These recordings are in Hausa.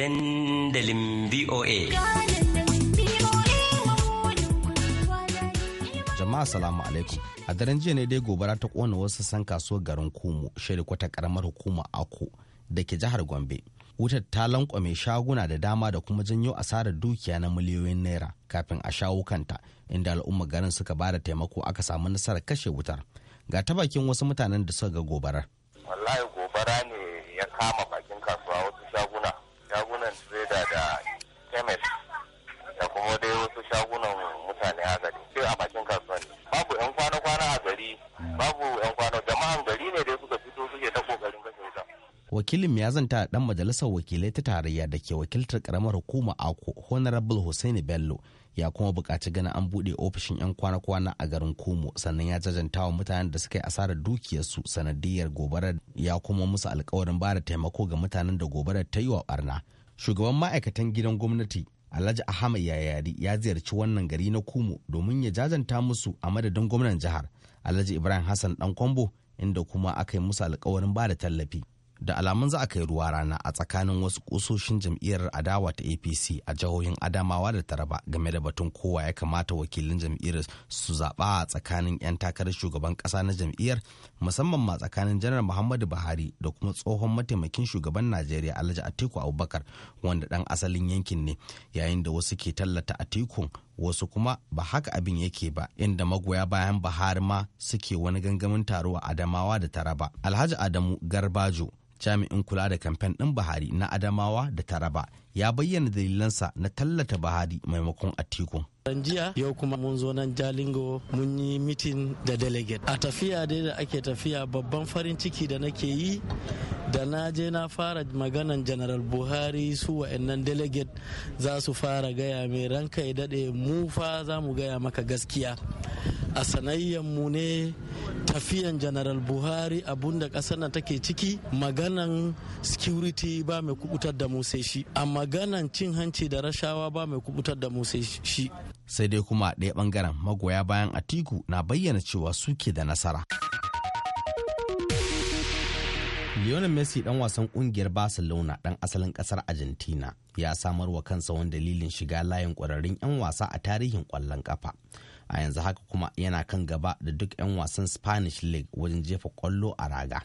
dandalin VOA. Jama'a salamu alaikum. A daren jiya ne dai gobara ta kona wasu san kasuwar garin Kumu, kwata karamar hukuma Ako da ke jihar Gombe. Wutar ta lankwame shaguna da dama da kuma janyo asarar dukiya na miliyoyin naira kafin a shawo kanta, inda al'umma garin suka bada taimako aka samu nasarar kashe wutar. Ga ta bakin wasu mutanen da suka ga gobarar. Wallahi gobara ne ya kama bakin kasuwa wasu shaguna shagunan trader da chemist da kuma dai wasu shagunan mutane a gari sai a bakin kasuwanni babu yan kwana-kwana a gari babu yan kwana jama'an gari ne dai suka fito suke ta kokarin kashe wuta wakilin ya zanta dan majalisar wakilai ta tarayya da ke wakiltar karamar hukuma ako honorable hussaini bello ya kuma buƙaci ganin an buɗe ofishin 'yan kwana-kwana a garin Kumo sannan ya jajanta wa mutanen da suka yi asarar dukiyarsu sanadiyar gobarar ya kuma musu alkawarin ba da taimako ga mutanen da gobarar ta yi wa barna. Shugaban ma'aikatan gidan gwamnati Alhaji Ahmad Yayari ya ziyarci wannan gari na Kumo domin ya jajanta musu a madadin gwamnan jihar Alhaji Ibrahim Hassan Dan Kwambo inda kuma aka yi musu alkawarin ba da tallafi. da alamun za a kai ruwa rana a tsakanin wasu kusoshin jam'iyyar adawa ta apc a jihohin adamawa da taraba game da batun kowa ya kamata wakilin jam'iyyar su zaɓa a tsakanin 'yan takarar shugaban ƙasa na jam'iyyar musamman ma tsakanin janar muhammadu buhari da kuma tsohon mataimakin shugaban najeriya alhaji atiku abubakar wanda ɗan asalin yankin ne yayin da wasu ke tallata atikun wasu kuma ba haka abin yake ba inda magoya bayan bahar ma suke wani gangamin taro a adamawa da taraba alhaji adamu garbajo jami'in kula da kamfen ɗin buhari na adamawa da taraba ya bayyana dalilansa na tallata buhari maimakon atiku jiya yau kuma mun zo nan jalingo mun yi mitin da delegate a tafiya dai da ake tafiya babban farin ciki da nake yi da na je na fara maganan general buhari su wa'annan delegate za su fara gaya mai ranka ya daɗe mu fa za mu gaya maka gaskiya a mu ne tafiyan general buhari abunda ƙasar na take ciki maganan security ba mai kubutar da mu sai shi a maganan cin hanci da rashawa ba mai kubutar da mu sai shi sai dai kuma a ɗaya ɓangaren magoya bayan atiku na bayyana cewa suke da nasara Lionel Messi dan wasan kungiyar Barcelona dan asalin kasar Argentina ya samar wa kansa wani dalilin shiga layin kwararrun 'yan wasa a tarihin kwallon kafa. A yanzu haka kuma yana kan gaba da duk 'yan wasan Spanish League wajen jefa kwallo a raga.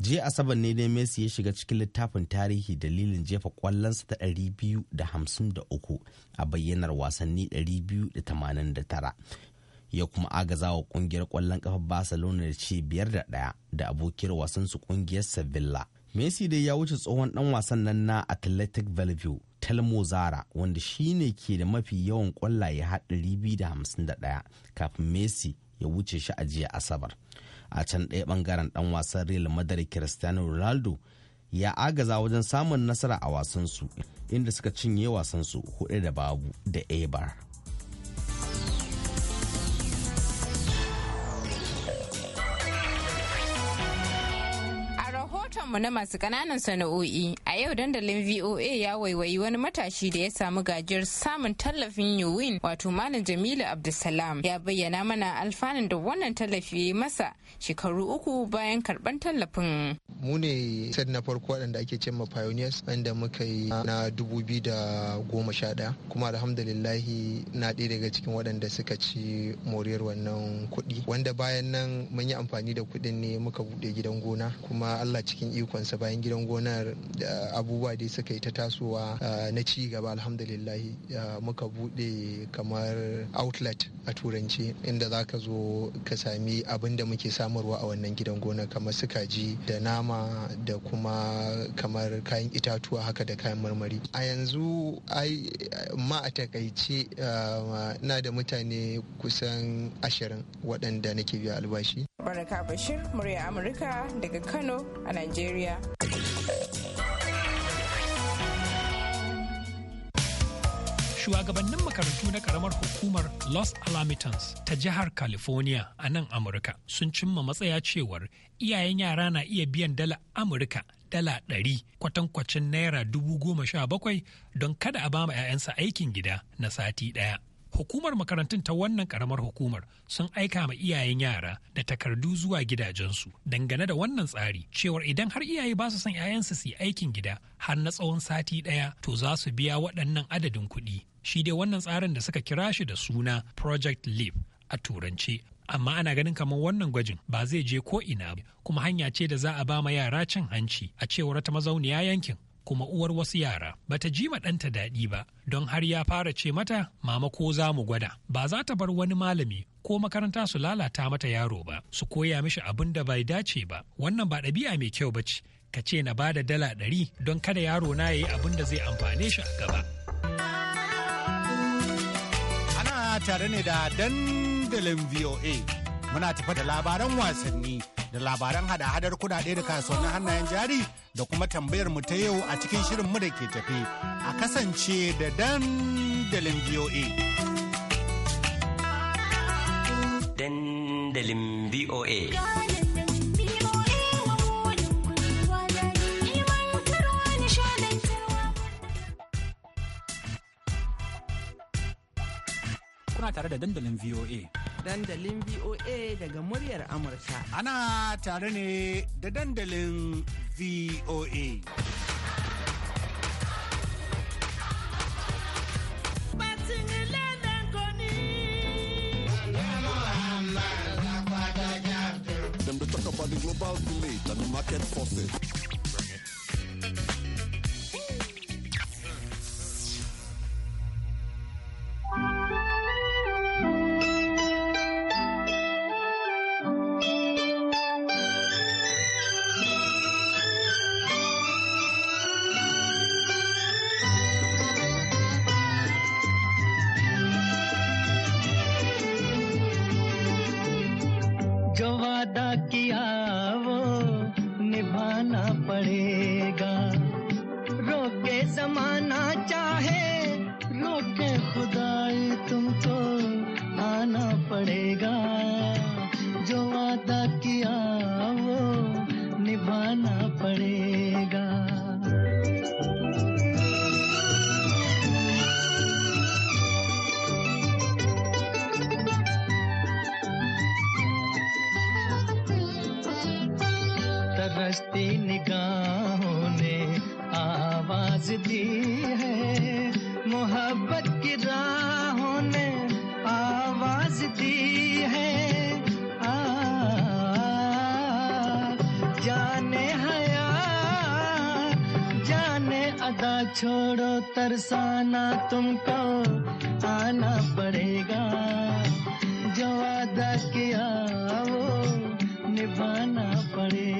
Jiya Asabar ne dai Messi ya shiga cikin littafin tarihi dalilin jefa kwallon kwallonsa ta 253 a bayyanar wasanni 289 ya kuma agaza wa kungiyar kwallon kafa barcelona da ci biyar da ɗaya da abokiyar su kungiyar sevilla messi dai ya wuce tsohon dan wasan nan na athletic bellevue telmo zara wanda shine ke da mafi yawan kwallaye biyu da hamsin da ɗaya kafin messi ya wuce shi a jiya asabar a can ɗaya bangaren ɗan wasan real madrid cristiano ronaldo ya agaza wajen samun nasara a wasan su inda suka cinye wasan su hudu da babu da ebar mu na masu kananan sana'o'i a yau dandalin VOA ya waiwayi wani matashi da ya samu gajiyar samun tallafin Yuwin wato Malam Jamilu Abdulsalam ya bayyana mana alfanun da wannan tallafi masa shekaru uku bayan karban tallafin. Mu ne set na farko waɗanda ake cewa pioneers wanda muka yi na shaɗaya kuma alhamdulillahi na ɗaya daga cikin waɗanda suka ci moriyar wannan kuɗi wanda bayan nan mun yi amfani da kuɗin ne muka buɗe gidan gona kuma Allah cikin ikonsa bayan gidan gonar abubuwa dai suka yi ta tasowa eh, na ci gaba alhamdulillah muka bude kamar outlet a turanci inda za ka zo ka sami abin da muke samarwa a wannan gidan gonar kamar su kaji da nama da kuma kamar kayan itatuwa haka da kayan marmari a yanzu ma a takaice eh, na da mutane kusan ashirin waɗanda nake biya albashi. barka Bashir, murya Amurka daga Kano a Najeriya. Nigeria. Shugabannin makarantu na karamar hukumar Los Alamitans ta jihar California a nan Amurka sun cimma matsaya cewar iyayen yara na iya biyan dala Amurka dala ɗari kwatankwacin naira dubu goma sha bakwai don kada a ba ma 'ya'yansa aikin gida na sati ɗaya. hukumar makarantun ta wannan karamar hukumar sun aika ma iyayen yara da takardu zuwa gidajensu dangane da wannan tsari cewar idan har iyaye ba su son 'ya'yansu su yi aikin gida har na tsawon sati ɗaya to za su biya waɗannan adadin kuɗi shi dai wannan tsarin da suka kira shi da suna project leap a turance amma ana ganin kamar wannan gwajin ba zai je ko ina kuma hanya ce da za a ba ma yara cin hanci a cewar ta mazauniya yankin kuma uwar wasu yara bata ji ma ɗanta daɗi ba don har ya fara ce mata mama ko za mu gwada ba za ta bar wani malami ko makaranta su lalata mata yaro ba su koya mishi abin da bai dace ba wannan ba ɗabi'a mai kyau ba ce ka ce na bada dala ɗari don kada yaro na ya yi abin da zai amfane shi a gaba. Ana tare ne da dandalin VOA muna tafa da labaran wasanni. da labaran hada-hadar kudade da kasuwannin hannayen jari da kuma tambayar mu ta yau a cikin shirin mu da ke tafi a kasance da dandalin BOA. Dandalin BOA. kuna tare da dandalin VOA. dandalin VOA daga muryar Amurka. Ana tare ne da dandalin VOA. global village and market forces. आवाज दी है मोहब्बत की राहों ने आवाज दी है आ, जाने जाने अदा छोड़ो तरसाना तुमको आना पड़ेगा जो वादा किया वो निभाना पड़ेगा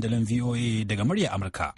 dandalin VOA daga murya Amurka.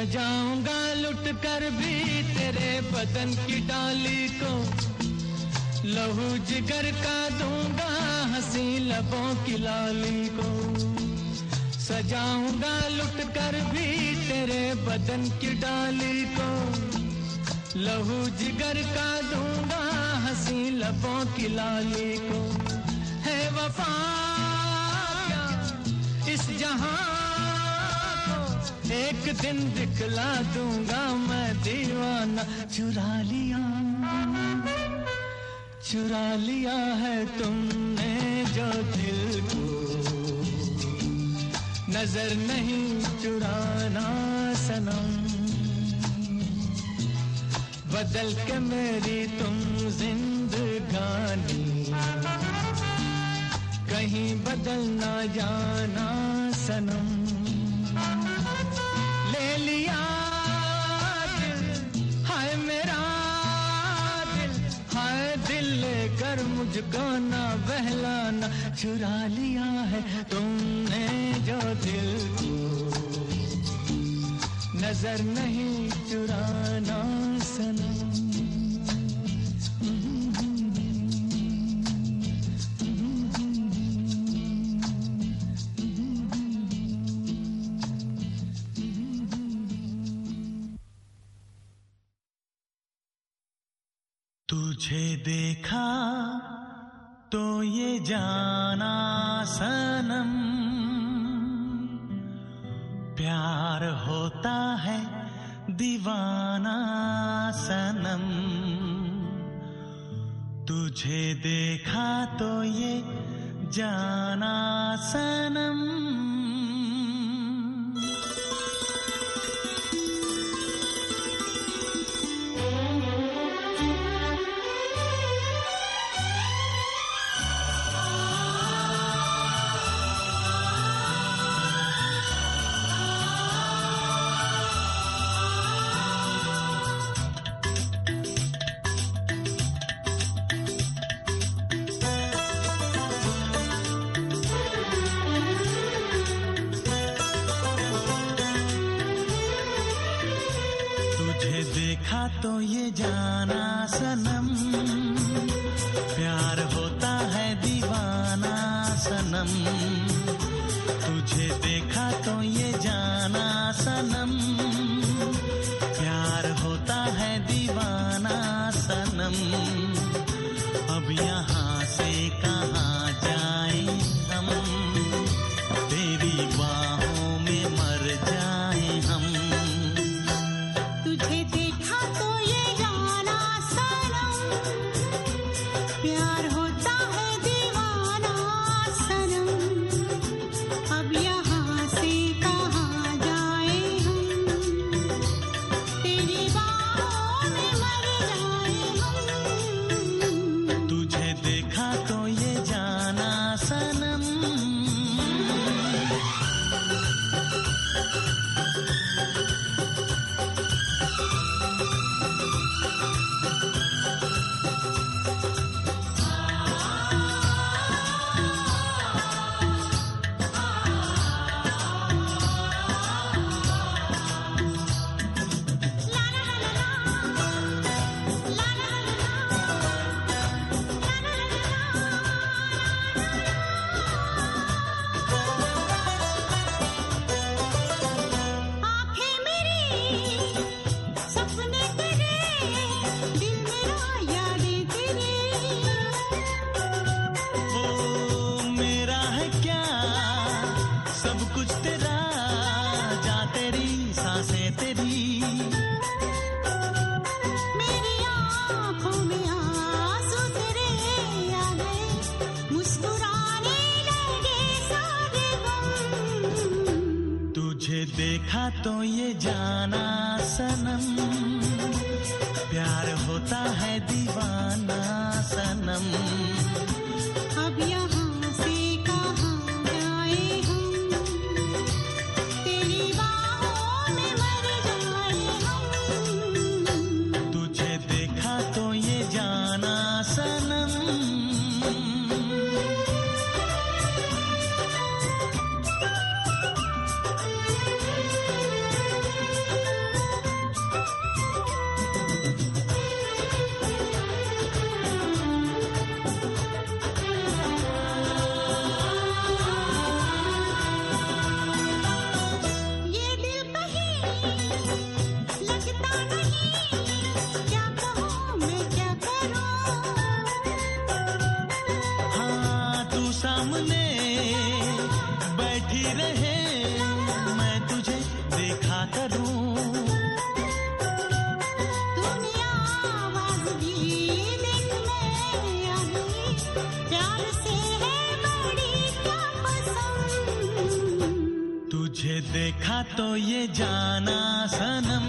सजाऊंगा जाऊंगा लुट कर भी तेरे बदन की डाली को लहू जिगर का दूंगा हंसी लबों की लाली को सजाऊंगा लुट कर भी तेरे बदन की डाली को लहू जिगर का दूंगा हंसी लबों की लाली को है वफा इस जहां एक दिन दिखला दूंगा मैं दीवाना चुरा लिया चुरा लिया है तुमने जो दिल को नजर नहीं चुराना सनम बदल के मेरी तुम जिंदगानी कहीं बदल ना जाना सनम मुझको ना बहलाना चुरा लिया है तुमने जो दिल को नजर नहीं चुराना सना तुझे देखा तो ये जाना सनम प्यार होता है दीवाना सनम तुझे देखा तो ये जाना सनम तुझे देखा तो ये जाना सनम प्यार होता है दीवाना सनम अब यहाँ तो ये जाना सनम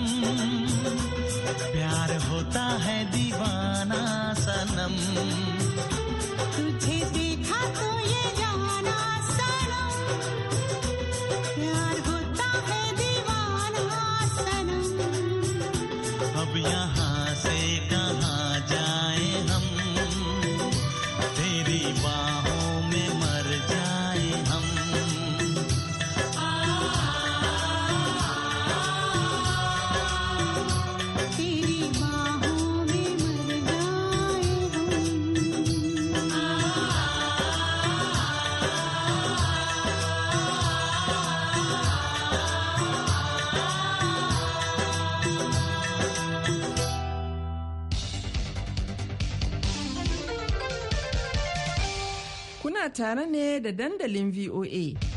प्यार होता है दीवाना सनम तुझे देखा तो ये जाना tare ne da dandalin VOA.